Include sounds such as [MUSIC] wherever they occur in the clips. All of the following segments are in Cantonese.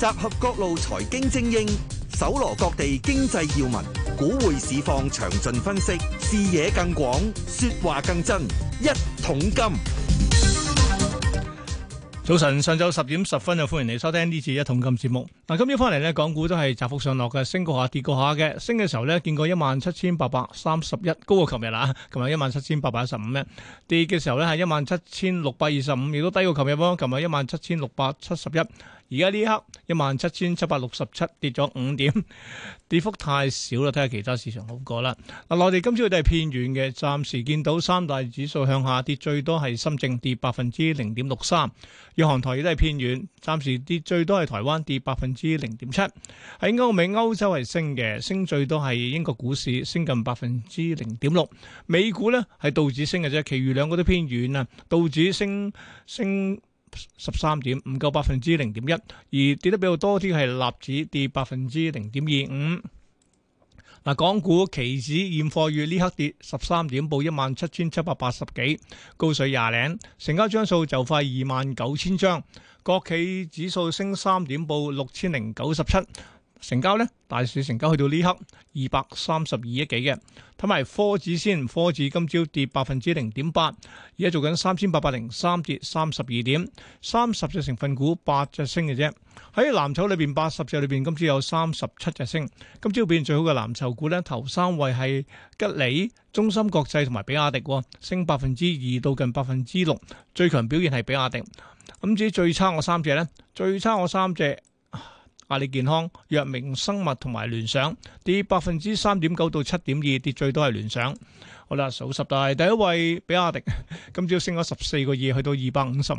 集合各路財經精英，搜羅各地經濟要聞，股匯市況詳盡分析，視野更廣，說話更真。一桶金，早晨，上晝十點十分就歡迎你收聽呢次一桶金節目。嗱，今朝翻嚟咧，港股都係窄幅上落嘅，升過下，跌過下嘅。升嘅時候呢，見過一萬七千八百三十一高過琴日啦，琴日一萬七千八百一十五咧。跌嘅時候呢，係一萬七千六百二十五，亦都低過琴日咯。琴日一萬七千六百七十一。而家呢一刻一萬七千七百六十七跌咗五點，跌幅太少啦。睇下其他市場好過啦。嗱，內地今朝都係偏軟嘅，暫時見到三大指數向下跌，最多係深證跌百分之零點六三，日韓台亦都係偏軟，暫時跌最多係台灣跌百分之零點七。喺歐美歐洲係升嘅，升最多係英國股市升近百分之零點六，美股呢係道指升嘅啫，其餘兩個都偏軟啊，道指升升。升十三點，唔夠百分之零點一，而跌得比較多啲係立指跌百分之零點二五。嗱，港股期指現貨月呢刻跌十三點，報一萬七千七百八十幾，高水廿零，成交張數就快二萬九千張。國企指數升三點，報六千零九十七。成交咧，大市成交去到呢刻二百三十二億幾嘅。睇埋科指先，科指今朝跌百分之零點八，而家做緊三千八百零三跌三十二點，三十隻成份股八隻升嘅啫。喺藍籌裏邊，八十隻裏邊今朝有三十七隻升。今朝表現最好嘅藍籌股咧，頭三位係吉利、中芯國際同埋比亞迪，哦，升百分之二到近百分之六。最強表現係比亞迪。咁至於最差我三隻咧，最差我三隻。阿里健康、藥明生物同埋聯想跌百分之三點九到七點二，跌最多係聯想。好啦，數十大第一位，比亞迪今朝升咗十四個二，去到二百五十五。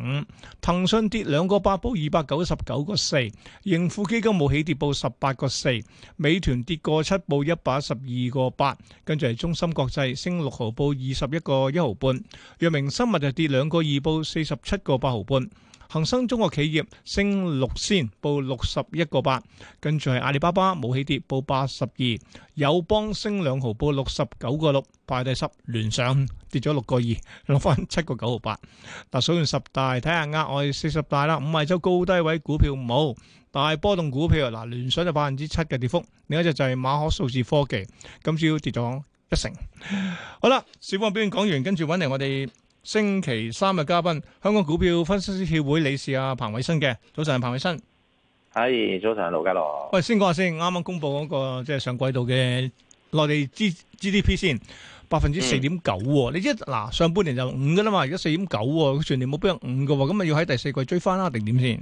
騰訊跌兩個八，報二百九十九個四。盈富基金冇起跌，報十八個四。美團跌個七，報一百一十二個八。跟住係中芯國際升六毫，報二十一個一毫半。藥明生物就跌兩個二，報四十七個八毫半。恒生中國企業升六仙，報六十一個八。跟住係阿里巴巴冇起跌，報八十二。友邦升兩毫，報六十九個六。排第十聯想跌咗六個二，落翻七個九毫八。嗱，數完十大，睇下額外四十大啦。五位周高低位股票唔冇大波動股票。嗱，聯想就百分之七嘅跌幅。另一隻就係馬可數字科技，今朝跌咗一成。好啦，小方便講完，跟住揾嚟我哋。星期三嘅嘉賓，香港股票分析師協會理事阿、啊、彭偉新嘅，早晨，彭偉新。係、hey,，早晨，盧家樂。喂，先講下先，啱啱公布嗰、那個即係、就是、上季度嘅內地 GDP 先，百分之四點九。嗯、你知嗱，上半年就五噶啦嘛，而家四點九，全年冇邊個五噶，咁咪要喺第四季追翻啦、啊，定點先？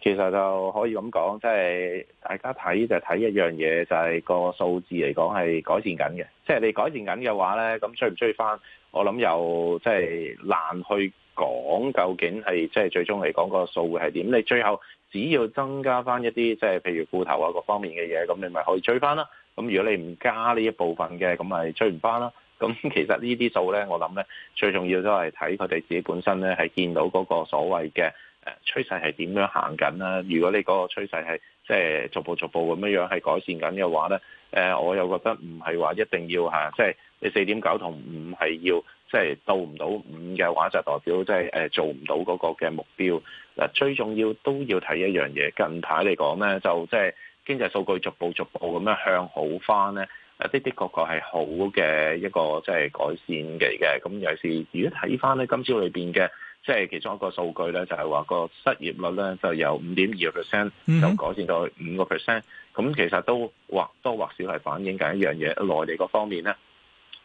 其實就可以咁講，即、就、係、是、大家睇就睇一樣嘢，就係、是就是、個數字嚟講係改善緊嘅。即、就、係、是、你改善緊嘅話咧，咁追唔追翻？我諗又即係難去講究竟係即係最終嚟講個數會係點。你最後只要增加翻一啲即係譬如固投啊各方面嘅嘢，咁你咪可以追翻啦。咁如果你唔加呢一部分嘅，咁咪追唔翻囉。咁其實呢啲數咧，我諗咧最重要都係睇佢哋自己本身咧係見到嗰個所謂嘅誒、呃、趨勢係點樣行緊啦。如果你嗰個趨勢係即係逐步逐步咁樣樣係改善緊嘅話咧，誒、呃、我又覺得唔係話一定要嚇即係。你四點九同五係要即係、就是、到唔到五嘅話，就代表即係誒做唔到嗰個嘅目標。嗱，最重要都要睇一樣嘢。近排嚟講咧，就即係經濟數據逐步逐步咁樣向好翻咧，誒的的確確係好嘅一個即係改善嘅嘅。咁尤其是如果睇翻咧今朝裏邊嘅即係其中一個數據咧，就係話個失業率咧就由五點二個 percent 就改善到五個 percent。咁、mm hmm. 其實都或多或少係反映緊一樣嘢，內地嗰方面咧。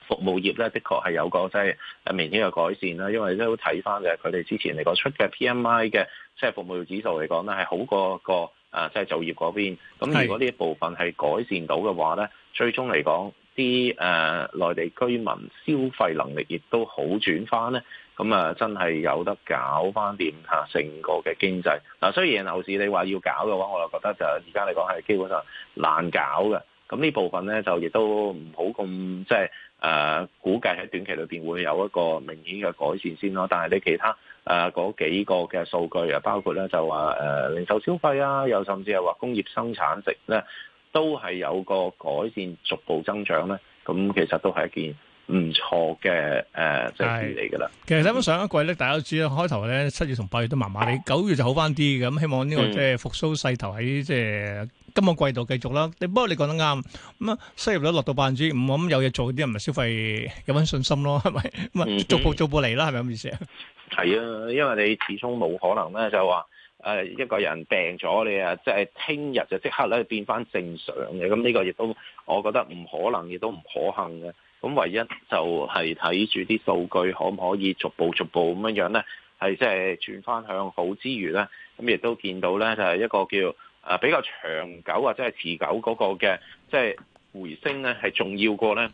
服務業咧，的確係有個即係明顯嘅改善啦。因為都睇翻嘅，佢哋之前嚟講出嘅 PMI 嘅即係服務業指數嚟講咧，係好過個誒即係就業嗰邊。咁如果呢一部分係改善到嘅話咧，最終嚟講，啲、呃、誒內地居民消費能力亦都好轉翻咧。咁啊，真係有得搞翻掂嚇成個嘅經濟。嗱，雖然牛市你話要搞嘅話，我又覺得就而家嚟講係基本上難搞嘅。咁呢部分咧，就亦都唔好咁即係。誒、呃、估計喺短期裏邊會有一個明顯嘅改善先咯，但係你其他誒嗰、呃、幾個嘅數據啊，包括咧就話誒、呃、零售消費啊，又甚至係話工業生產值咧，都係有個改善，逐步增長咧，咁其實都係一件。唔錯嘅誒，就嚟噶啦。是其實睇翻，上一季咧，大家都知道開頭咧，七月同八月都麻麻地，九月就好翻啲。咁希望呢個即係復甦勢頭喺即係今個季度繼續啦。你不過你講得啱，咁啊，失業率落到百分之五咁，G, 有嘢做啲人咪消費有翻信心咯，係咪？嗯、哼 [LAUGHS] 逐步逐步嚟啦，係咪咁意思？係啊，因為你始終冇可能咧，就話誒一個人病咗，你啊即係聽日就即刻咧變翻正常嘅。咁呢個亦都我覺得唔可能，亦都唔可行嘅。咁唯一就係睇住啲數據可唔可以逐步逐步咁樣樣咧，係即係轉翻向好之餘咧，咁亦都見到咧就係一個叫誒比較長久或者係持久嗰個嘅即係回升咧，係重要過咧。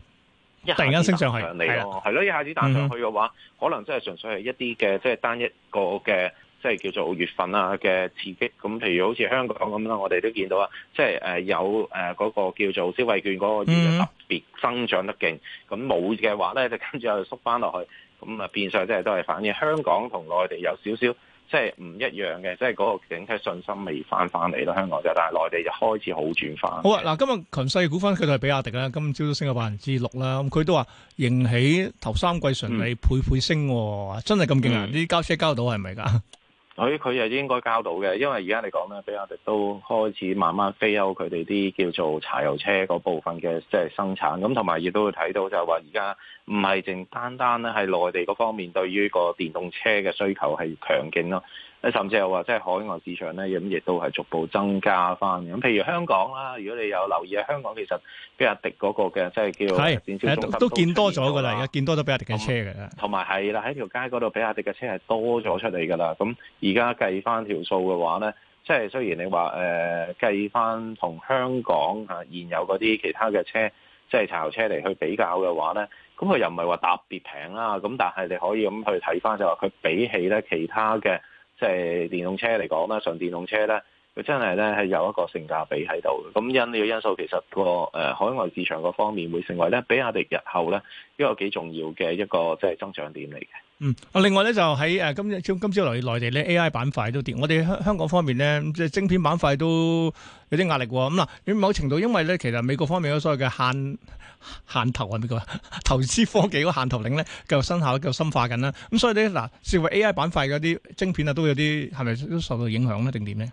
突然間升上去，係啦、哦，係咯了，一下子彈上去嘅話，嗯、可能真係純粹係一啲嘅即係單一個嘅。即係叫做月份啦嘅刺激，咁譬如好似香港咁啦，我哋都見到啊，即係誒有誒嗰個叫做消費券嗰個嘢特別增長得勁，咁冇嘅話咧，就跟住又縮翻落去，咁啊變相即係都係反映香港同內地有少少即係唔一樣嘅，即係嗰個景氣信心未翻翻嚟咯，香港就，但係內地就開始好轉翻。好啊，嗱，今日群勢股分佢就係比亞迪啦，今朝都升咗百分之六啦，咁佢都話迎起頭三季純利倍倍升，嗯、真係咁勁啊？呢啲、嗯、交車交到係咪㗎？是佢佢係應該交到嘅，因為而家嚟講咧，比亞迪都開始慢慢菲優佢哋啲叫做柴油車嗰部分嘅即係生產，咁同埋亦都會睇到就係話而家唔係淨單單咧係內地嗰方面對於個電動車嘅需求係強勁咯。甚至又話，即係海外市場咧，咁亦都係逐步增加翻。咁譬如香港啦，如果你有留意，香港其實比亞迪嗰個嘅即係叫的都，都見多咗㗎啦，而家見多咗了比亞迪嘅車㗎，同埋係啦，喺、嗯、條街嗰度，比亞迪嘅車係多咗出嚟㗎啦。咁而家計翻條數嘅話咧，即係雖然你話誒、呃、計翻同香港啊現有嗰啲其他嘅車，即係柴油車嚟去比較嘅話咧，咁佢又唔係話特別平啦。咁但係你可以咁去睇翻就話、是、佢比起咧其他嘅。即係電動車嚟講啦，上電動車咧，佢真係咧係有一個性價比喺度。咁因呢個因素，其實個誒海外市場個方面會成為咧，比亞迪日後咧一個幾重要嘅一個即係增長點嚟嘅。嗯，啊，另外咧就喺誒今今朝嚟內地咧 A I 板塊都跌，我哋香香港方面咧即係晶片板塊都有啲壓力喎。咁、嗯、嗱，某程度因為咧，其實美國方面嗰所謂嘅限限投啊，美國投資科技嗰限投令咧，繼續生效，繼續深化緊、嗯、啦。咁所以咧，嗱，涉及 A I 板塊嗰啲晶片啊，都有啲係咪都受到影響咧？定點咧？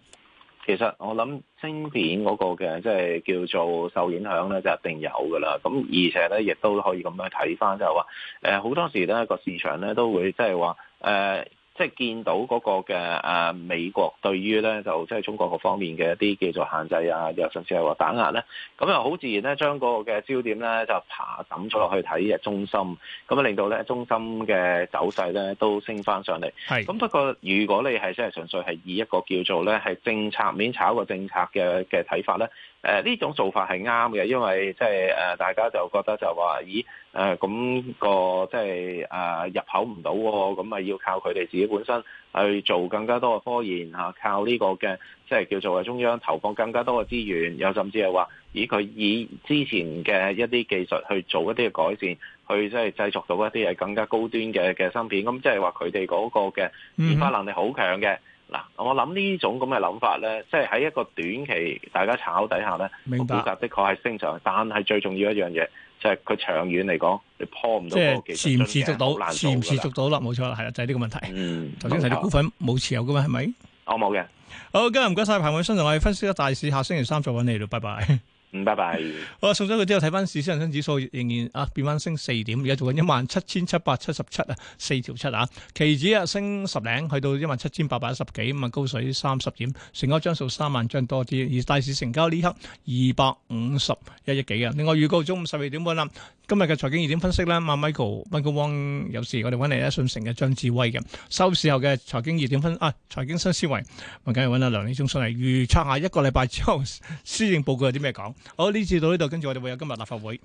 其實我諗芯片嗰個嘅即係叫做受影響咧，就是，一定有㗎喇。咁而且咧，亦都可以咁樣睇返，就係話誒，好多時咧個市場咧都會即係話誒、呃即係見到嗰個嘅誒、啊、美國對於咧就即係中國各方面嘅一啲叫做限制啊，又甚至係話打壓咧，咁又好自然咧將個嘅焦點咧就爬揼咗落去睇嘅中心，咁啊令到咧中心嘅走勢咧都升翻上嚟。係咁是不過，如果你係真係純粹係以一個叫做咧係政策面炒個政策嘅嘅睇法咧。誒呢種做法係啱嘅，因為即係誒大家就覺得就話、是，咦誒咁、呃、個即係啊入口唔到，咁、哦、啊要靠佢哋自己本身去做更加多嘅科研嚇、啊，靠呢個嘅即係叫做中央投放更加多嘅資源，又甚至係話，以佢以之前嘅一啲技術去做一啲嘅改善，去即係製作到一啲誒更加高端嘅嘅芯片，咁即係話佢哋嗰個嘅研發能力好強嘅。嗯嗱，我諗呢種咁嘅諗法咧，即係喺一個短期大家炒底下咧，股價的確係升上，但係最重要一樣嘢就係、是、佢長遠嚟講，你破唔到嗰個技術支撐，好難做到啦。即係持唔持續到，持唔持續到啦，冇錯，係啦，就係、是、呢個問題。嗯，頭先提到股份冇持有噶嘛，係咪、嗯？啱冇嘅。的哦、好，今日唔該晒彭偉新，同我哋分析咗大市，下星期三再搵你咯，拜拜。拜拜。我送咗佢之後，睇翻市先，恒生指數仍然啊變翻升四點，而家做緊一萬七千七百七十七啊，四條七啊。期指啊升十零，去到一萬七千八百一十幾，咁啊高水三十點，成交張數三萬張多啲。而大市成交呢刻二百五十一億幾啊。另外預告中午十二點半啦。今日嘅財經熱點分析咧，阿 Michael，Michael Wong，有事我哋揾嚟咧，信誠嘅張智威嘅收市後嘅財經熱點分啊，財經新思維，我梗係揾阿梁利忠出嚟預測下一個禮拜之後施政報告有啲咩講。好，呢次到呢度，跟住我哋會有今日立法會。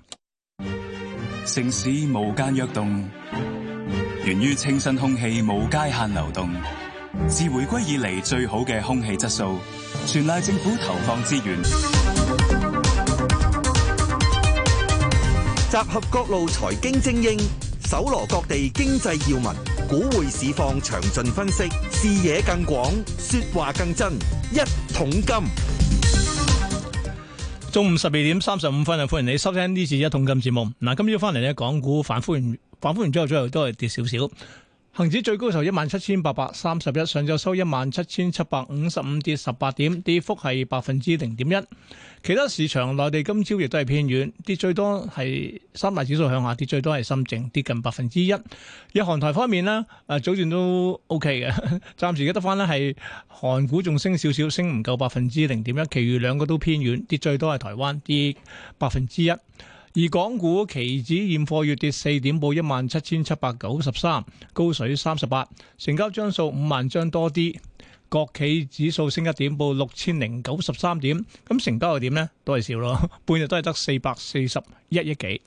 城市無間躍動，源於清新空氣無界限流動，自回歸以嚟最好嘅空氣質素。全賴政府投放資源。集合各路財經精英，搜羅各地經濟要聞，股匯市況詳盡分析，視野更廣，說話更真。一桶金，中午十二點三十五分啊！歡迎你收聽呢次一桶金節目。嗱，今朝翻嚟呢，港股反覆完，反覆完之後，最後都係跌少少。恒指最高收一萬七千八百三十一，上晝收一萬七千七百五十五，跌十八點，跌幅係百分之零點一。其他市場內地今朝亦都係偏軟，跌最多係三大指數向下，跌最多係深證，跌近百分之一。日韓台方面咧，誒早段都 OK 嘅，暫時而家得翻咧係韓股仲升少少，升唔夠百分之零點一，其餘兩個都偏軟，跌最多係台灣跌百分之一。而港股期指現貨月跌四點，報一萬七千七百九十三，高水三十八，成交張數五萬張多啲。國企指數升一點，報六千零九十三點。咁成交又點呢？都係少咯，半日都係得四百四十一億幾。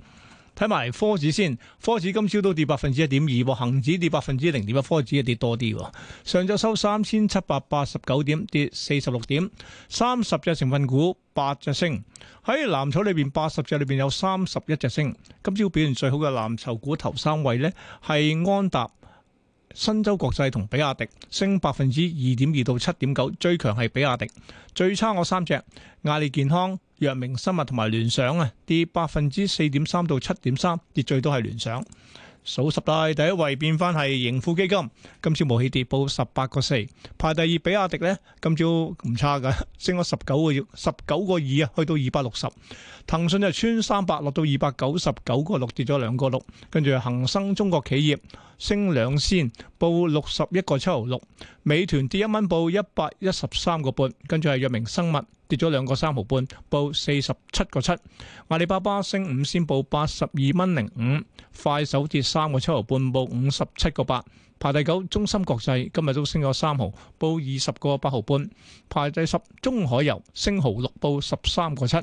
睇埋科指先，科指今朝都跌百分之一點二，恒指跌百分之零點一，科指啊，跌多啲。上晝收三千七百八十九點，跌四十六點，三十隻成份股八隻升。喺藍籌裏邊，八十隻裏邊有三十一隻升。今朝表現最好嘅藍籌股頭三位咧，係安踏、申洲國際同比亞迪，升百分之二點二到七點九，9, 最強係比亞迪。最差我三隻，阿里健康。藥明生物同埋聯想啊，跌百分之四點三到七點三，跌最多係聯想。數十大第一位變翻係盈富基金，今次無起跌，報十八個四。排第二比亞迪呢，今朝唔差噶，升咗十九個億，十九個二啊，去到二百六十。騰訊就穿三百落到二百九十九個六，跌咗兩個六。跟住恒生中國企業升兩仙，報六十一個七毫六。美團跌一蚊，報一百一十三個半。跟住係藥明生物。跌咗兩個三毫半，報四十七個七。阿里巴巴升五先，報八十二蚊零五，快手跌三個七毫半，報五十七個八，排第九。中芯國際今日都升咗三毫，報二十個八毫半，排第十。中海油升毫六，報十三個七。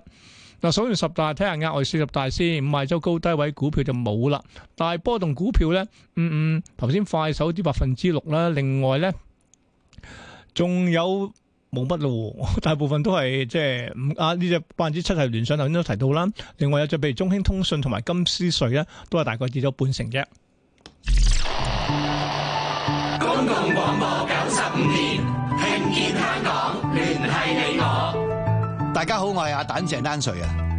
嗱，數完十大睇下，額外四十大先，五十二周高低位股票就冇啦。大波動股票呢，嗯嗯，頭先快手跌百分之六啦，另外呢，仲有。冇乜咯，大部分都係即係唔，啊，呢隻百分之七係聯想，頭先都提到啦，另外有隻譬如中興通訊同埋金斯瑞咧，都係大概跌咗半成啫。公共廣播九十五年慶建香港，聯繫你我。大家好，我係阿蛋鄭丹瑞啊。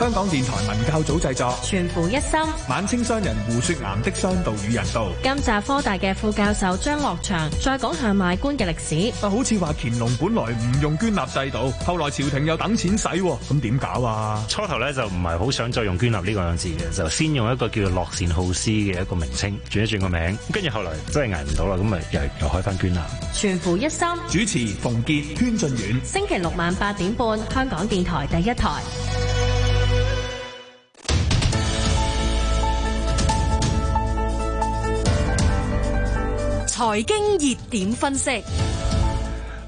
香港電台文教組製作，全乎一心。晚清商人胡雪岩的商道與人道。今集科大嘅副教授張樂祥再講下賣官嘅歷史。啊，好似話乾隆本來唔用捐納制度，後來朝廷又等錢使，咁點搞啊？初頭咧就唔係好想再用捐納呢個樣字嘅，就先用一個叫做樂善好施嘅一個名稱，轉一轉個名。跟住後來真係捱唔到啦，咁咪又又開翻捐納。全乎一心，主持馮杰、軒俊遠。星期六晚八點半，香港電台第一台。財經熱點分析，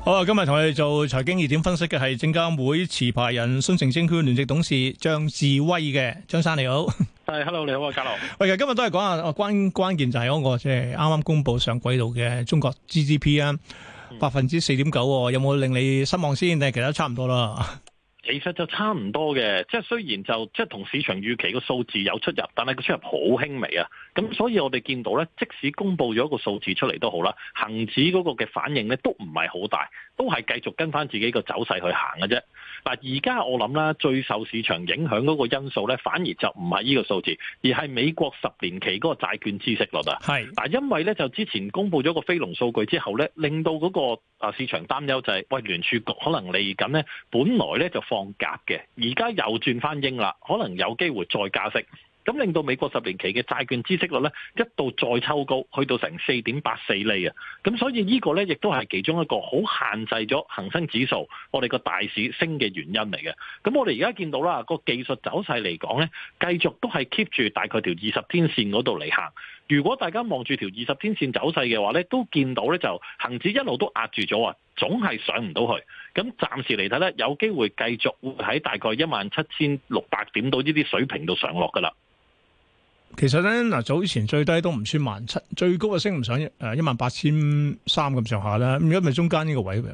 好啊！今日同你做財經熱點分析嘅係證監會持牌人信誠證券聯席董事張智威嘅，張生你好。係 [LAUGHS] ，hello，你好啊，嘉豪。 [LAUGHS] 喂，今日都係講下關關鍵就係嗰、嗰個即係啱啱公布上季度嘅中國 GDP 啊、嗯，百分之四點九，有冇令你失望先？定係其他都差唔多啦？其實就差唔多嘅，即係雖然就即係同市場預期個數字有出入，但係個出入好輕微啊。咁所以，我哋見到咧，即使公布咗個數字出嚟都好啦，恒指嗰個嘅反應咧都唔係好大，都係繼續跟翻自己個走勢去行嘅啫。嗱，而家我諗啦，最受市場影響嗰個因素咧，反而就唔係依個數字，而係美國十年期嗰個債券孳息落嚟。嗱是，因為咧就之前公布咗個非農數據之後咧，令到嗰個啊市場擔憂就係、是、喂聯儲局可能嚟緊咧，本來咧就放鴿嘅，而家又轉翻鷹啦，可能有機會再加息。咁令到美國十年期嘅債券孳息率咧一度再抽高，去到成四點八四厘啊！咁所以個呢個咧亦都係其中一個好限制咗恒生指數我哋個大市升嘅原因嚟嘅。咁我哋而家見到啦，那個技術走勢嚟講咧，繼續都係 keep 住大概條二十天線嗰度嚟行。如果大家望住條二十天線走勢嘅話咧，都見到咧就恆指一路都壓住咗啊，總係上唔到去。咁暫時嚟睇咧，有機會繼續喺大概一萬七千六百點到呢啲水平度上落㗎啦。其實咧，嗱早以前最低都唔算萬七，最高啊升唔上誒一萬八千三咁上下啦。咁如果咪中間呢個位咧，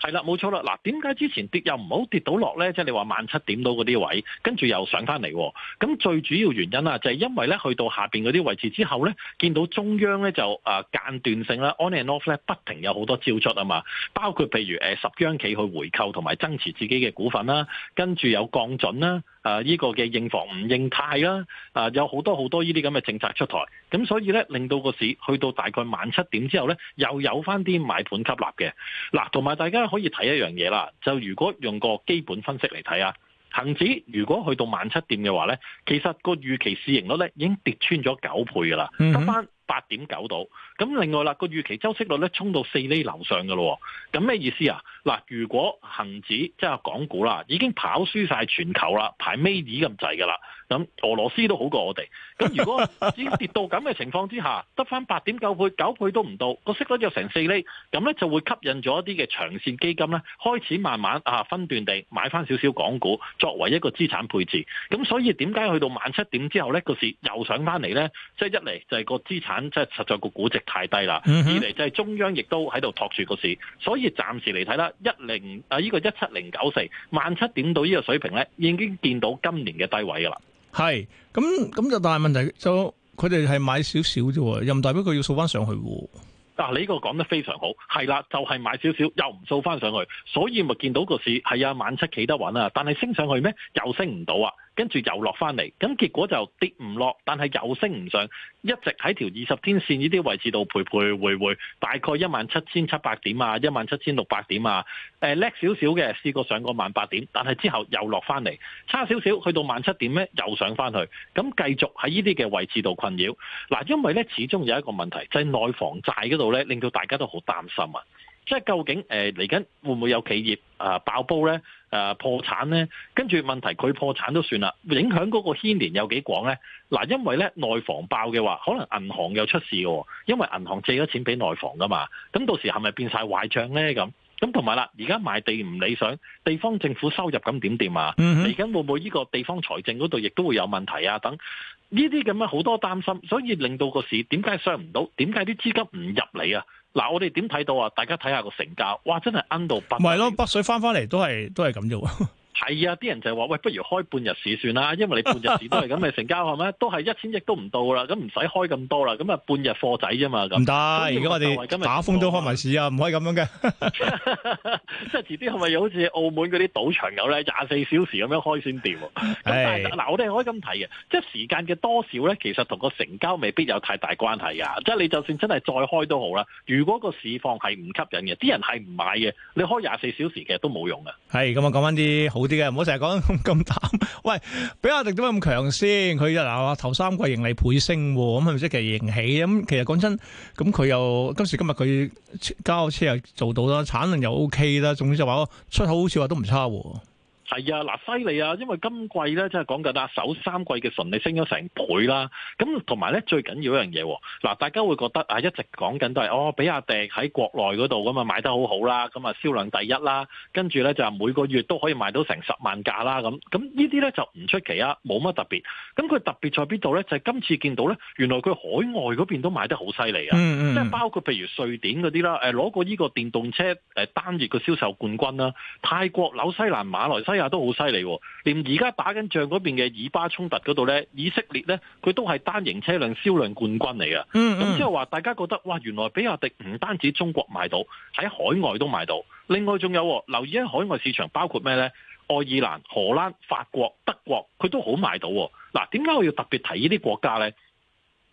係啦，冇錯啦。嗱，點解之前跌又唔好跌到落咧？即係你話萬七點到嗰啲位，跟住又上翻嚟。咁最主要原因啦，就係因為咧去到下邊嗰啲位置之後咧，見到中央咧就誒間斷性啦，on and off 咧不停有好多招出啊嘛。包括譬如誒、呃、十央企去回購同埋增持自己嘅股份啦，跟住有降準啦。誒呢、uh, 個嘅認房唔認貸啦、啊，誒、啊、有好多好多呢啲咁嘅政策出台，咁所以咧令到個市去到大概萬七點之後咧，又有翻啲買盤吸納嘅。嗱同埋大家可以睇一樣嘢啦，就如果用個基本分析嚟睇啊，恒指如果去到萬七點嘅話咧，其實個預期市盈率咧已經跌穿咗九倍噶啦，得翻。八點九度。咁另外啦，個預期周息率咧衝到四厘樓上嘅咯，咁咩意思啊？嗱，如果恒指即係港股啦，已經跑輸晒全球啦，排尾二咁滯嘅啦。咁俄羅斯都好過我哋，咁如果已經跌到咁嘅情況之下，得翻八點九倍、九倍都唔到，個息率又成四厘，咁咧就會吸引咗一啲嘅長線基金咧，開始慢慢啊分段地買翻少少港股，作為一個資產配置。咁所以點解去到晚七點之後咧個市又上翻嚟咧？即係一嚟就係個資產即係實在個估值太低啦，二嚟就係中央亦都喺度托住個市，所以暫時嚟睇啦，一零啊呢個一七零九四，晚七點到呢個水平咧，已經見到今年嘅低位噶啦。係，咁咁就大問題就，佢哋係買少少啫，又唔代表佢要掃翻上去喎。嗱、啊，你呢個講得非常好，係啦，就係、是、買少少，又唔掃翻上去，所以咪見到個市係啊，萬七企得穩啊，但係升上去咩？又升唔到啊。跟住又落翻嚟，咁結果就跌唔落，但係又升唔上，一直喺條二十天線呢啲位置度徘徊徘徊，大概一萬七千七百點啊，一萬七千六百點啊，叻少少嘅試過上過萬八點，但係之後又落翻嚟，差少少去到萬七點呢，又上翻去，咁繼續喺呢啲嘅位置度困擾。嗱，因為呢，始終有一個問題就係內房債嗰度呢，令到大家都好擔心啊。即係究竟誒嚟緊會唔會有企業啊、呃、爆煲咧？誒、呃、破產咧？跟住問題佢破產都算啦，影響嗰個牽連有幾廣咧？嗱、啊，因為咧內房爆嘅話，可能銀行又出事嘅、哦，因為銀行借咗錢俾內房噶嘛，咁到時係咪變晒壞賬咧？咁咁同埋啦，而家賣地唔理想，地方政府收入咁點掂啊？嚟緊、嗯、哼會唔會呢個地方財政嗰度亦都會有問題啊？等呢啲咁樣好多擔心，所以令到個市點解上唔到？點解啲資金唔入嚟啊？嗱，我哋點睇到啊？大家睇下個成交，哇！真係奀到不，唔係咯，北水翻翻嚟都係都係咁啫。係啊，啲人就係話喂，不如開半日市算啦，因為你半日市都係咁，咪成交係咩？ [LAUGHS] 都係一千億都唔到啦，咁唔使開咁多啦，咁啊半日貨仔啫嘛。唔得，而家今日我哋打風都開埋市啊，唔可以咁樣嘅 [LAUGHS] [LAUGHS] [LAUGHS] 即係遲啲係咪好似澳門嗰啲賭場有咧，廿四小時咁樣開先掂？咁但係嗱，我哋可以咁睇嘅，即係時間嘅多少咧，其實同個成交未必有太大關係噶。 [LAUGHS] 即係你就算真係再開都好啦，如果個市況係唔吸引嘅，啲人係唔買嘅，你開廿四小時其實都冇用嘅。係咁啊，講翻啲好。啲嘅，唔好成日講咁咁淡。喂，比亞迪點解咁強先？佢嗱，頭三季盈利倍升，咁係咪即係盈起啊？咁其實講真，咁佢又今時今日佢交車又做到啦，產量又 OK 啦，總之就話出口好似話都唔差。係啊，嗱，犀利啊！因為今季咧，即係講緊啊，首三季嘅純利升咗成倍啦。咁同埋咧，最緊要一樣嘢，嗱，大家會覺得啊，一直講緊都係哦，比亞迪喺國內嗰度咁啊，賣得好好啦，咁啊，銷量第一啦。跟住咧，就每個月都可以賣到成十萬架啦。咁咁呢啲咧就唔出奇啊，冇乜特別。咁佢特別在邊度咧？就係、是、今次見到咧，原來佢海外嗰邊都賣得好犀利啊！即係、mm hmm. 包括譬如瑞典嗰啲啦，誒，攞過呢個電動車誒單月嘅銷售冠軍啦，泰國、紐西蘭、馬來西都好犀利喎，連而家打緊仗嗰邊嘅以巴衝突嗰度呢，以色列呢，佢都係單型車輛銷量冠軍嚟㗎。咁即係話，hmm. 大家覺得哇，原來比亞迪唔單止中國買到，喺海外都買到。另外仲有留意喺海外市場，包括咩呢？愛爾蘭、荷蘭、法國、德國，佢都好買到喎。嗱，點解我要特別提呢啲國家呢？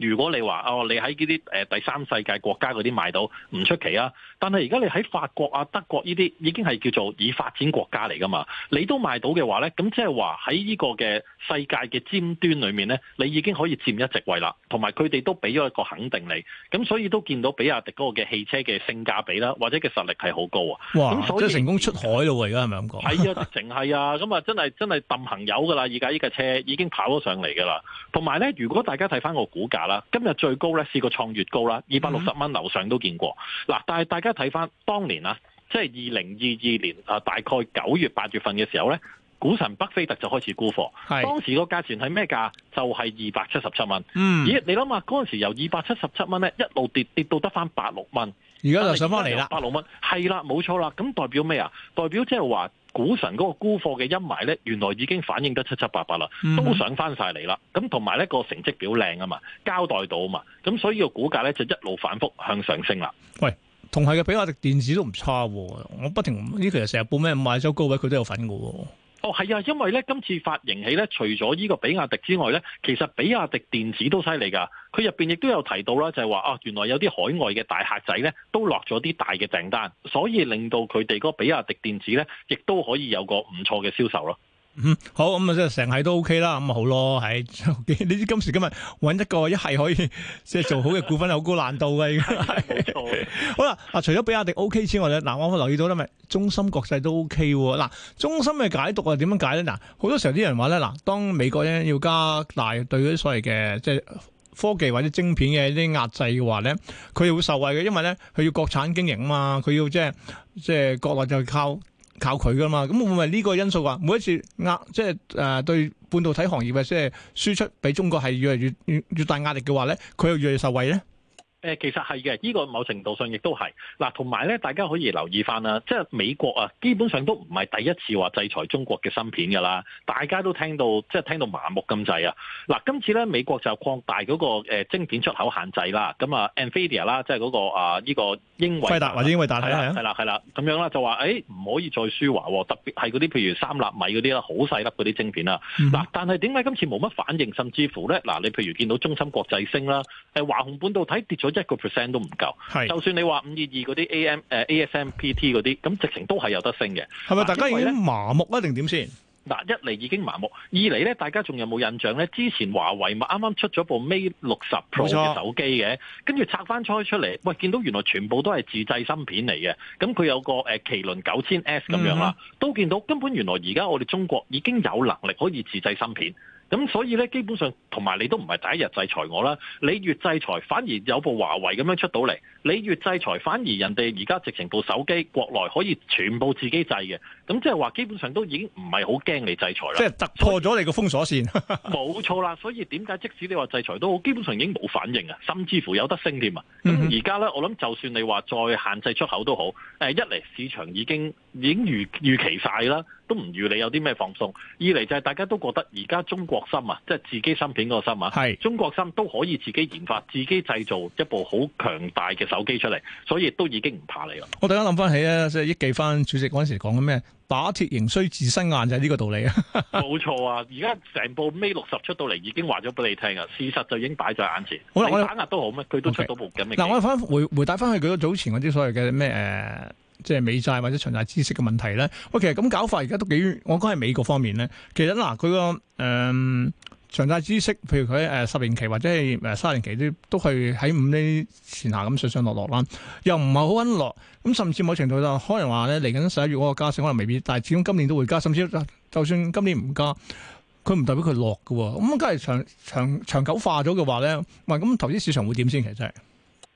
如果你話哦，你喺呢啲誒第三世界國家嗰啲買到唔出奇啊！但係而家你喺法國啊、德國呢啲已經係叫做已發展國家嚟㗎嘛，你都買到嘅話咧，咁即係話喺呢個嘅世界嘅尖端裏面咧，你已經可以佔一席位啦。同埋佢哋都俾咗一個肯定你，咁所以都見到比亞迪嗰個嘅汽車嘅性價比啦，或者嘅實力係好高啊！哇！咁所以成功出海咯喎，而家係咪咁講？係啊，淨係 [LAUGHS] 啊，咁、就是、啊真係真係揼朋友㗎啦！而家依架車已經跑咗上嚟㗎啦。同埋咧，如果大家睇翻個股價今日最高咧，試過創越高啦，二百六十蚊樓上都見過。嗱、mm，hmm. 但係大家睇翻當年啊，即係二零二二年啊，大概九月八月份嘅時候咧，股神巴菲特就開始沽貨。係是當時個價錢係咩價？就係二百七十七蚊。Mm hmm. 咦？你諗下嗰陣時由二百七十七蚊咧，一路跌跌到得翻百六蚊。而家就上翻嚟啦，百六蚊係啦，冇錯啦。咁代表咩啊？代表即係話。股神嗰個沽貨嘅陰霾咧，原來已經反映得七七八八啦，都上翻晒嚟啦。咁同埋咧，個成績表靚啊嘛，交代到啊嘛，咁所以個股價咧就一路反覆向上升啦。喂，同係嘅比亞迪電子都唔差喎，我不停呢，其實成日報咩買咗高位，佢都有份嘅喎。哦，係啊，因為咧今次發盈喜咧，除咗呢個比亞迪之外咧，其實比亞迪電子都犀利㗎。佢入邊亦都有提到啦，就係話啊，原來有啲海外嘅大客仔咧，都落咗啲大嘅訂單，所以令到佢哋嗰個比亞迪電子咧，亦都可以有個唔錯嘅銷售咯。嗯，好，咁、嗯、啊，即係成係都 OK 啦，咁啊好咯，係，你知今時今日揾一個一係可以即係做好嘅股份，好高難度嘅、 [LAUGHS] [LAUGHS] 嗯，好，好啦，嗱，除咗比亞迪 OK 之外咧，嗱，我可留意到咧，咪中芯國際都 OK 喎，嗱，中芯嘅解讀啊，點樣解咧？嗱，好多時候啲人話咧，嗱，當美國咧要加大對啲所謂嘅即係科技或者晶片嘅一啲壓制嘅話咧，佢哋會受惠嘅，因為咧佢要國產經營啊嘛，佢要即係即係國內就靠。靠佢噶嘛，會唔會呢個因素啊，每一次壓即係誒對半導體行業嘅即係輸出俾中國係越嚟越越越大壓力嘅話咧，佢又越嚟越受惠咧。誒其實係嘅，呢個某程度上亦都係嗱，同埋咧，大家可以留意翻啦，即係美國啊，基本上都唔係第一次話制裁中國嘅芯片㗎啦，大家都聽到即係聽到麻木咁滯啊。嗱，今次咧美國就擴大嗰個晶片出口限制啦，咁啊，NVIDIA 啦，即係嗰個啊依個英偉達或者英偉達啦，係啦係啦，咁樣啦就話誒唔可以再輸華，喔，特別係嗰啲譬如三納米嗰啲啦，好細粒嗰啲晶片啦。嗱，但係點解今次冇乜反應，甚至乎咧嗱，你譬如見到中芯國際升啦，誒華虹半導體跌咗。一個 percent 都唔夠，係是就算你話五二二嗰啲 AM 誒 ASMPT 嗰啲，咁直情都係有得升嘅，係咪？大家已經麻木啊，定點先？嗱，一嚟已經麻木，二嚟咧，大家仲有冇印象咧？之前華為咪啱啱出咗部 Mate 六十 Pro 嘅手機嘅，跟住錯拆翻出嚟，喂、哎，見到原來全部都係自製芯片嚟嘅，咁佢有個誒、呃、麒麟九千 S 咁樣啦，嗯、都見到根本原來而家我哋中國已經有能力可以自製芯片。咁所以咧，基本上同埋你都唔係第一日制裁我啦。你越制裁，反而有部華為咁樣出到嚟。你越制裁，反而人哋而家直情部手機國內可以全部自己製嘅。咁即係話，基本上都已經唔係好驚你制裁啦。即係突破咗你個封鎖線，冇錯啦，所以點解即使你話制裁都好，基本上已經冇反應啊，甚至乎有得升添啊。咁而家咧，我諗就算你話再限制出口都好，誒、呃，一嚟市場已經。已經預預期晒啦，都唔預你有啲咩放鬆。二嚟就係大家都覺得而家中國芯啊，即係自己芯片嗰個芯啊，係是中國芯都可以自己研發、自己製造一部好強大嘅手機出嚟，所以都已經唔怕你啦。我突然間諗翻起啊，即係憶記翻主席嗰陣時講緊咩，打鐵仍需自身硬就係呢個道理 [LAUGHS] 錯啊！冇錯啊，而家成部 Mate 60出到嚟已經話咗俾你聽啊，事實就已經擺在眼前。打壓都好咩？佢都出到部咁嘅。嗱，我哋翻回回答翻去佢早前嗰啲所謂嘅咩誒。呃即係美債或者長債孳息嘅問題咧，喂，其實咁搞法而家都幾，我講係美國方面咧。其實嗱，佢個誒長債孳息，譬如佢誒十年期或者係誒三十年期都都係喺五呢前下咁上上落落啦，又唔係好温落，咁甚至某程度就可能話咧嚟緊十一月嗰個加息可能未必，但係始終今年都會加，甚至就算今年唔加，佢唔代表佢落嘅喎。咁梗係長長長,長久化咗嘅話咧，哇，咁投資市場會點先？其實係。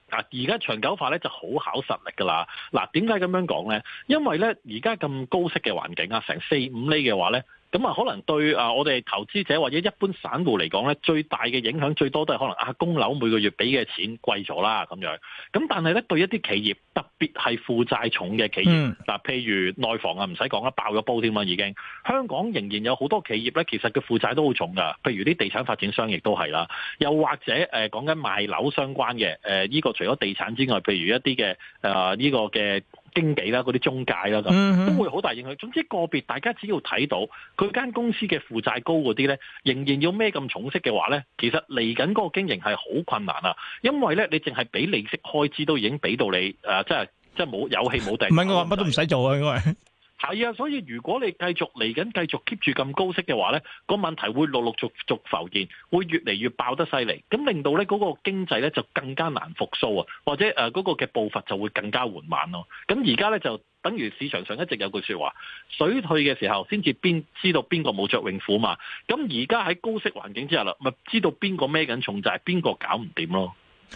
嗱，而家長久化咧就好考實力㗎啦。嗱，點解咁樣講咧？因為咧，而家咁高息嘅環境啊，成四五厘嘅話咧。咁啊，可能對啊，我哋投資者或者一般散戶嚟講咧，最大嘅影響最多都係可能啊，供樓每個月俾嘅錢貴咗啦，咁樣。咁但係咧，對一啲企業，特別係負債重嘅企業，嗱，譬如內房啊，唔使講啦，爆咗煲添啊，已經了了。香港仍然有好多企業咧，其實佢負債都好重噶，譬如啲地產發展商亦都係啦，又或者誒講緊賣樓相關嘅誒，呢、呃呢個除咗地產之外，譬如一啲嘅誒呢個嘅。經紀啦，嗰啲中介啦，咁都會好大影響。總之個別，大家只要睇到佢間公司嘅負債高嗰啲咧，仍然要咩咁重息嘅話咧，其實嚟緊嗰個經營係好困難啊！因為咧，你淨係俾利息開支都已經俾到你誒，即係即係冇有氣冇地，唔係我話乜都唔使做啊！因為 [LAUGHS] 係啊，所以如果你繼續嚟緊，繼續 keep 住咁高息嘅話咧，個問題會陸陸續續浮現，會越嚟越爆得犀利，咁令到咧嗰個經濟咧就更加難復甦啊，或者誒嗰個嘅步伐就會更加緩慢咯。咁而家咧就等於市場上一直有句説話，水退嘅時候先至邊知道邊個冇着泳褲嘛。咁而家喺高息環境之下啦，咪知道邊個孭緊重債，邊個搞唔掂咯。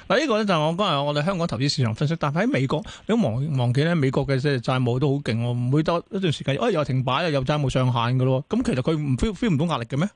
嗱，呢個咧就係我講下我哋香港投資市場分析，但係喺美國，你都忘忘記咧美國嘅即係債務都好勁喎，唔會多一段時間，哎又停擺又有債務上限嘅咯，咁其實佢唔 feel feel 唔到壓力嘅咩？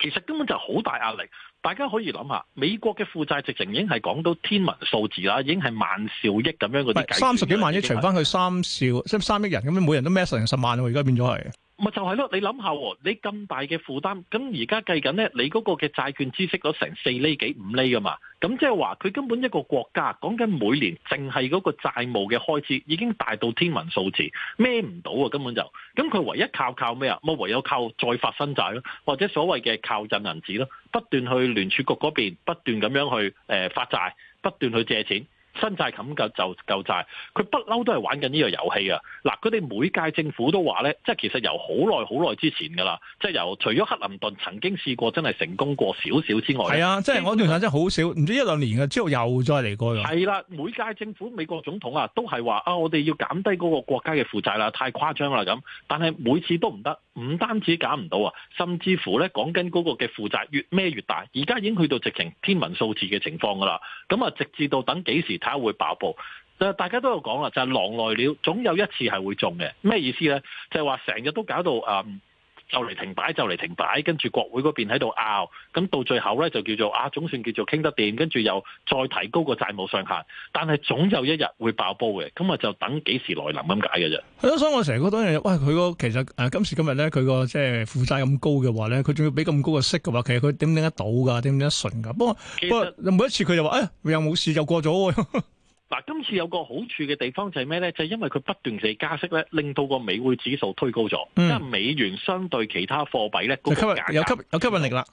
其實根本就好大壓力，大家可以諗下美國嘅負債直情已經係講到天文數字啦，已經係萬兆億咁樣，嗰三十幾萬億除翻去三兆，即係三億人咁樣，每人都孭成十萬喎，而家變咗係。咪就係咯，你諗下喎，你咁大嘅負擔，咁而家計緊咧，你嗰個嘅債券知息都成四厘幾五厘啊嘛，咁即係話佢根本一個國家講緊每年淨係嗰個債務嘅開支已經大到天文數字，孭唔到啊，根本就，咁佢唯一靠靠咩啊？咪唯有靠再發新債咯，或者所謂嘅靠印銀紙咯，不斷去聯儲局嗰邊不斷咁樣去誒發債，不斷去，去借錢。新債冚嘅就舊債，佢不嬲都係玩緊呢個遊戲啊！嗱，佢哋每屆政府都話咧，即係其實由好耐好耐之前㗎啦，即係由除咗克林頓曾經試過真係成功過少少之外，係啊，即係我印象真係好少，唔知一兩年啊，之後又再嚟過啦。係啦、啊，每屆政府美國總統啊，都係話啊，我哋要減低嗰個國家嘅負債啦，太誇張啦咁。但係每次都唔得，唔單止減唔到啊，甚至乎咧講緊嗰個嘅負債越孭越，越大，而家已經去到直情天文數字嘅情況㗎啦。咁啊，直至到等幾時？佢會爆煲，但大家都有講啦，就係、是、狼來了，總有一次係會中嘅，咩意思咧？就係話成日都搞到啊！嗯就嚟停擺，就嚟停擺，跟住國會嗰邊喺度拗，咁到最後咧就叫做啊，總算叫做傾得掂，跟住又再提高個債務上限，但係總有一日會爆煲嘅，咁啊就等幾時來臨咁解嘅啫。係咯，所以我成日覺得嘢，哇！佢嗰其實誒今時今日咧，佢個即係負債咁高嘅話咧，佢仲要俾咁高嘅息嘅話，其實佢點頂得到㗎？點頂得順㗎？不過不過，每一次佢就話誒、哎，又冇事就過咗喎。 [LAUGHS] 嗱，今次有個好處嘅地方就係咩咧？就係、因為佢不斷地加息咧，令到個美匯指數推高咗，因為美元相對其他貨幣咧、嗯，就有吸有吸引力啦，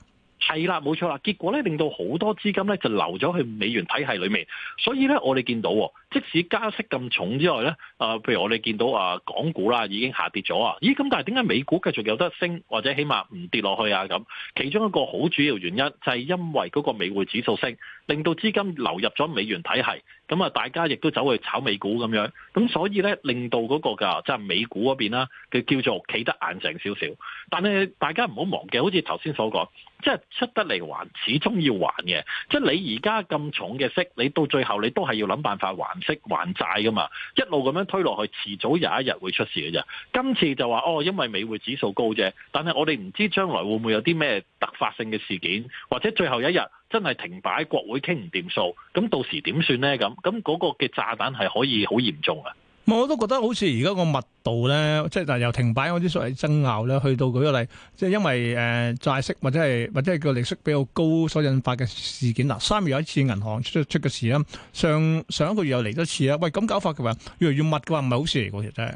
係啦，冇錯啦。結果咧，令到好多資金咧就流咗去美元體系裏面，所以咧，我哋見到、哦。即使加息咁重之外咧，啊、呃，譬如我哋見到啊，港股啦已經下跌咗啊，咦？咁但係點解美股繼續有得升，或者起碼唔跌落去啊？咁其中一個好主要原因就係因為嗰個美匯指數升，令到資金流入咗美元體系，咁啊，大家亦都走去炒美股咁樣，咁所以咧令到嗰個噶即係美股嗰邊啦，佢叫做企得硬淨少少。但係大家唔好忘記，好似頭先所講，即係出得嚟還，始終要還嘅。即係你而家咁重嘅息，你到最後你都係要諗辦法還。識還債噶嘛，一路咁樣推落去，遲早有一日會出事嘅啫。今次就話哦，因為美匯指數高啫，但係我哋唔知將來會唔會有啲咩突發性嘅事件，或者最後一日真係停擺，國會傾唔掂數，咁到時點算呢？咁咁嗰個嘅炸彈係可以好嚴重啊！我都覺得好似而家個密度咧，即係嗱，由停擺嗰啲所謂爭拗咧，去到舉個例，即係因為誒、呃、債息或者係或者係個利息比較高所引發嘅事件啦。三月有一次銀行出出嘅事啊，上上一個月又嚟多次啊。喂，咁搞法嘅話，越嚟越密嘅話，唔係好事嚟嘅，其實真係。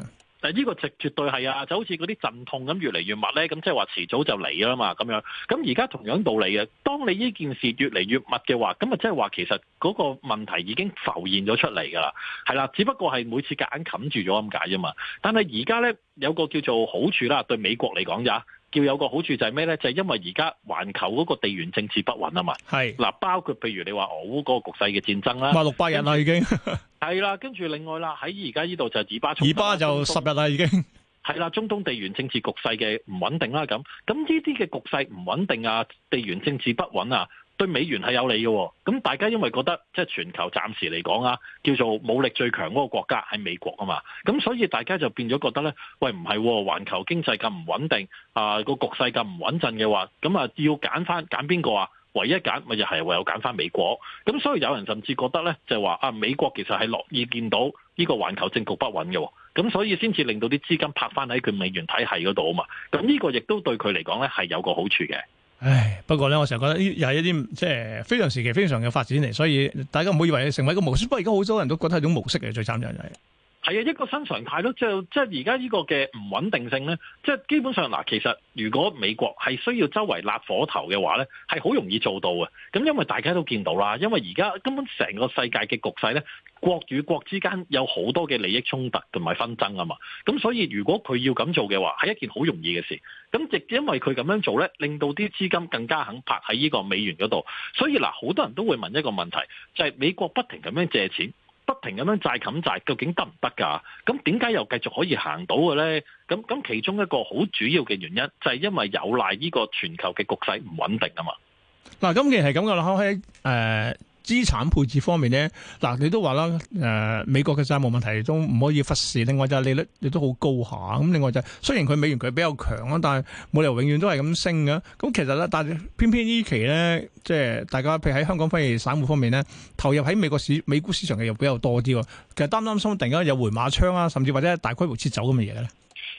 呢個直絕對係啊，就好似嗰啲陣痛咁，越嚟越密咧，咁即係話遲早就嚟啊嘛，咁樣。咁而家同樣道理嘅，當你呢件事越嚟越密嘅話，咁啊，即係話其實嗰個問題已經浮現咗出嚟㗎啦，係啦，只不過係每次夾硬冚住咗咁解啫嘛。但係而家咧有個叫做好處啦，對美國嚟講咋，叫有個好處就係咩咧？就係、是、因為而家環球嗰個地緣政治不穩啊嘛。係嗱是，包括譬如你話俄烏嗰個局勢嘅戰爭啦，哇，六百人啦已經。 [LAUGHS] 係啦，跟住另外啦，喺而家呢度就係以巴衝突，以巴就十日啦，已經東。係啦， [LAUGHS] 中東地緣政治局勢嘅唔穩定啦，咁咁呢啲嘅局勢唔穩定啊，地緣政治不穩啊，對美元係有利嘅。咁大家因為覺得即係全球暫時嚟講啊，叫做武力最強嗰個國家係美國啊嘛，咁所以大家就變咗覺得咧，喂唔係，環球經濟咁唔穩定啊，個、呃、局勢咁唔穩陣嘅話，咁啊要揀翻揀邊個啊？唯一揀咪又係唯有揀翻美國，咁所以有人甚至覺得咧，就話、係，啊美國其實係樂意見到呢個環球政局不穩嘅，咁所以先至令到啲資金拍翻喺佢美元體系嗰度啊嘛，咁呢個亦都對佢嚟講咧係有個好處嘅。唉，不過咧我成日覺得呢又係一啲即係非常時期非常嘅發展嚟，所以大家唔好以為成為一個模式，不過而家好多人都覺得係一種模式嘅，最慘就係、係。係啊，一個新常態咯，即係即係而家呢個嘅唔穩定性咧，即係基本上嗱，其實如果美國係需要周圍揦火頭嘅話咧，係好容易做到嘅。咁因為大家都見到啦，因為而家根本成個世界嘅局勢咧，國與國之間有好多嘅利益衝突同埋紛爭啊嘛。咁所以如果佢要咁做嘅話，係一件好容易嘅事。咁亦因為佢咁樣做咧，令到啲資金更加肯拍喺呢個美元嗰度。所以嗱，好多人都會問一個問題，就係美國不停咁樣借錢，不停咁樣債冚債，究竟得唔得噶？咁點解又繼續可以行到嘅咧？咁咁其中一個好主要嘅原因就係因為有賴呢個全球嘅局勢唔穩定啊嘛。嗱，咁其實係咁嘅啦，喺誒。資產配置方面咧，嗱你都話啦，誒、呃、美國嘅債務問題都唔可以忽視，另外就係利率亦都好高下。咁另外就係、雖然佢美元佢比較強啊，但係冇理由永遠都係咁升㗎。咁其實咧，但係偏偏呢期咧，即係大家譬如喺香港反而散戶方面咧，投入喺美國市美股市場嘅又比較多啲。其實擔唔擔心突然間有回馬槍啊，甚至或者大規模撤走咁嘅嘢咧？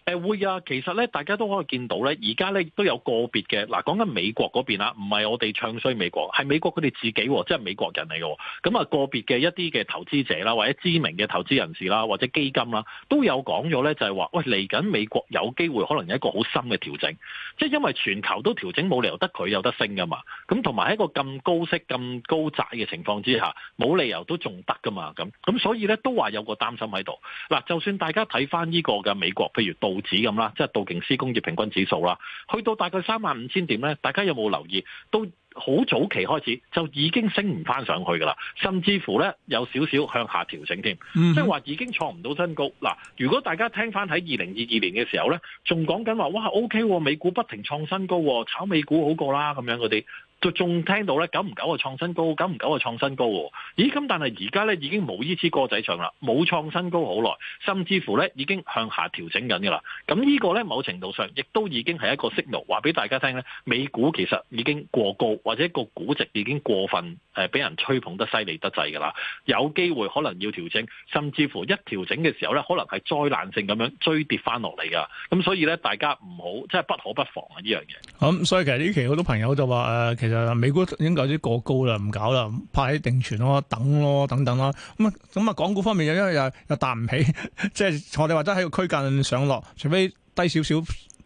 誒會啊，其實咧，大家都可以見到咧，而家咧都有個別嘅嗱，講、啊、緊美國嗰邊啊，唔係我哋唱衰美國，係美國佢哋自己，哦、即係美國人嚟嘅。咁、嗯、啊，個別嘅一啲嘅投資者啦，或者知名嘅投資人士啦，或者基金啦，都有講咗咧，就係話，喂嚟緊美國有機會可能有一個好深嘅調整，即係因為全球都調整，冇理由得佢有得升噶嘛。咁同埋喺一個咁高息、咁高債嘅情況之下，冇理由都仲得噶嘛。咁咁、嗯、所以咧，都話有個擔心喺度。嗱、啊，就算大家睇翻呢個嘅美國，譬如到，指咁啦，即係道瓊斯工業平均指數啦，去到大概三萬五千點咧，大家有冇留意？到好早期開始就已經升唔翻上去噶啦，甚至乎咧有少少向下調整添，即係話已經創唔到新高。嗱，如果大家聽翻喺二零二二年嘅時候咧，仲講緊話哇 OK，美股不停創新高，炒美股好過啦咁樣嗰啲。就仲聽到咧，久唔久啊創新高，久唔久啊創新高喎？咦咁，但係而家咧已經冇呢支歌仔唱啦，冇創新高好耐，甚至乎咧已經向下調整緊嘅啦。咁呢個咧某程度上亦都已經係一個 signal，話俾大家聽咧，美股其實已經過高，或者個估值已經過分誒，俾、呃、人吹捧得犀利得滯嘅啦。有機會可能要調整，甚至乎一調整嘅時候咧，可能係災難性咁樣追跌翻落嚟啊！咁所以咧，大家唔好即係不可不防啊！呢樣嘢。咁、嗯、所以其實呢期好多朋友就話誒。呃其實美股應該有啲過高啦，唔搞啦，派啲定存咯，等咯，等等咯。咁啊，咁啊，港股方面又因為又又彈唔起，即 [LAUGHS] 係我哋話齋喺個區間上落，除非低少少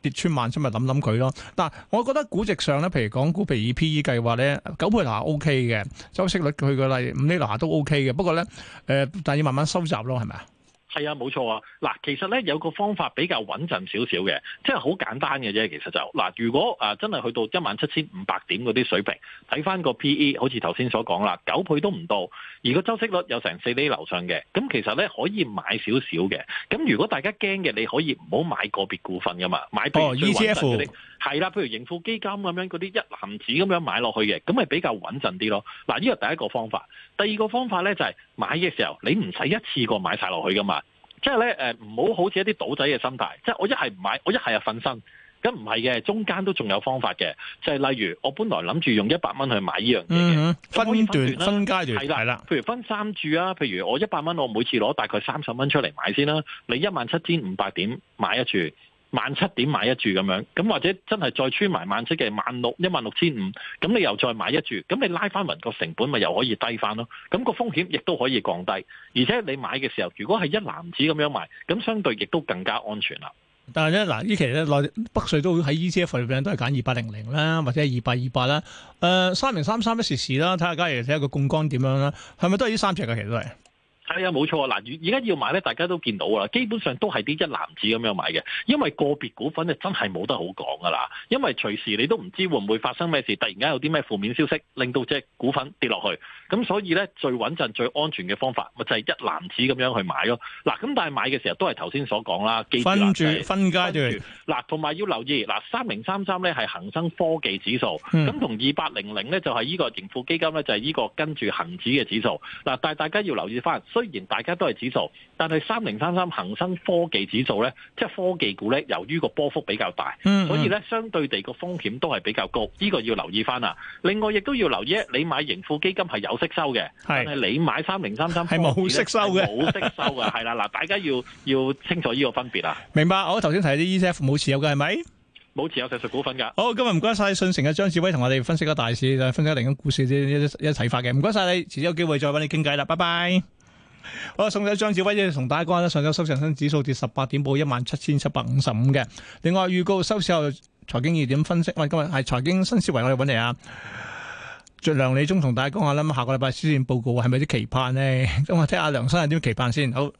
跌穿萬三，咪諗諗佢咯。但係我覺得估值上咧，譬如港股譬如 P E 計劃咧，九倍樓下 O K 嘅，收息率佢個例五釐樓下都 O K 嘅。不過咧，誒、呃，但係要慢慢收集咯，係咪啊？係啊，冇錯啊。嗱，其實咧有個方法比較穩陣少少嘅，即係好簡單嘅啫。其實就嗱，如果誒真係去到一萬七千五百點嗰啲水平，睇翻個 PE，好似頭先所講啦，九倍都唔到。而個周息率有成四釐樓上嘅，咁其實咧可以買少少嘅。咁如果大家驚嘅，你可以唔好買個別股份噶嘛，買比較穩陣係啦，譬如盈富基金咁樣嗰啲一籃子咁樣買落去嘅，咁咪比較穩陣啲咯。嗱，呢個第一個方法。第二個方法咧就係、是、買嘅時候，你唔使一次過買晒落去噶嘛。即係咧誒，唔、呃、好好似一啲賭仔嘅心態。即、就、係、是、我一係唔買，我一係啊瞓身。咁唔係嘅，中間都仲有方法嘅。就係、是、例如我本來諗住用一百蚊去買呢樣嘢嘅，分段分階段係啦，係啦的。譬如分三注啊，譬如我一百蚊，我每次攞大概三十蚊出嚟買先啦。你一萬七千五百點買一注。萬七點買一注咁樣，咁或者真係再穿埋萬七嘅萬六一萬六千五，咁你又再買一注，咁你拉翻勻個成本咪又可以低翻咯，咁個風險亦都可以降低，而且你買嘅時候如果係一籃子咁樣買，咁相對亦都更加安全啦。但係咧嗱，呢期咧內北水都喺 ETF 入邊都係揀二八零零啦，或者二八二八啦，誒三零三三一時時啦，睇下假如睇下個槓桿點樣啦，係咪都係呢三隻嘅嚟？其實都係。係啊，冇錯嗱，而家要買咧，大家都見到㗎啦，基本上都係啲一籃子咁樣買嘅，因為個別股份咧真係冇得好講㗎啦，因為隨時你都唔知會唔會發生咩事，突然間有啲咩負面消息令到隻股份跌落去，咁所以咧最穩陣、最安全嘅方法，咪就係一籃子咁樣去買咯。嗱，咁但係買嘅時候都係頭先所講啦，記住分住、分階段。嗱住，同埋要留意嗱，三零三三咧係恒生科技指數，咁同二八零零咧就係呢個盈富基金咧就係呢個跟住恒指嘅指數。嗱，但係大家要留意翻，雖然大家都係指數，但係三零三三恒生科技指數咧，即係科技股咧，由於個波幅比較大，所以咧相對地個風險都係比較高。呢個要留意翻啊。另外亦都要留意，你買盈富基金係有息收嘅，係你買三零三三係冇息收嘅，冇息收嘅係啦。嗱，大家要要清楚呢個分別啊。明白。我頭先提啲 ETF 冇持有嘅係咪冇持有上述股份噶？好，今日唔該晒信誠嘅張智威同我哋分析個大市，分析一啲咁故事啲一啲一啟發嘅。唔該晒你，遲啲有機會再揾你傾偈啦。拜拜。好，送走張志威先同大家講下啦。上周收市恒生指數跌十八點，報一萬七千七百五十五嘅。另外預告收市後財經熱點分析，喂，今日係財經新思維，我哋揾你啊。着梁李忠同大家講下啦，下個禮拜書面報告係咪有啲期盼呢？咁我睇下梁生有啲咩期盼先。好。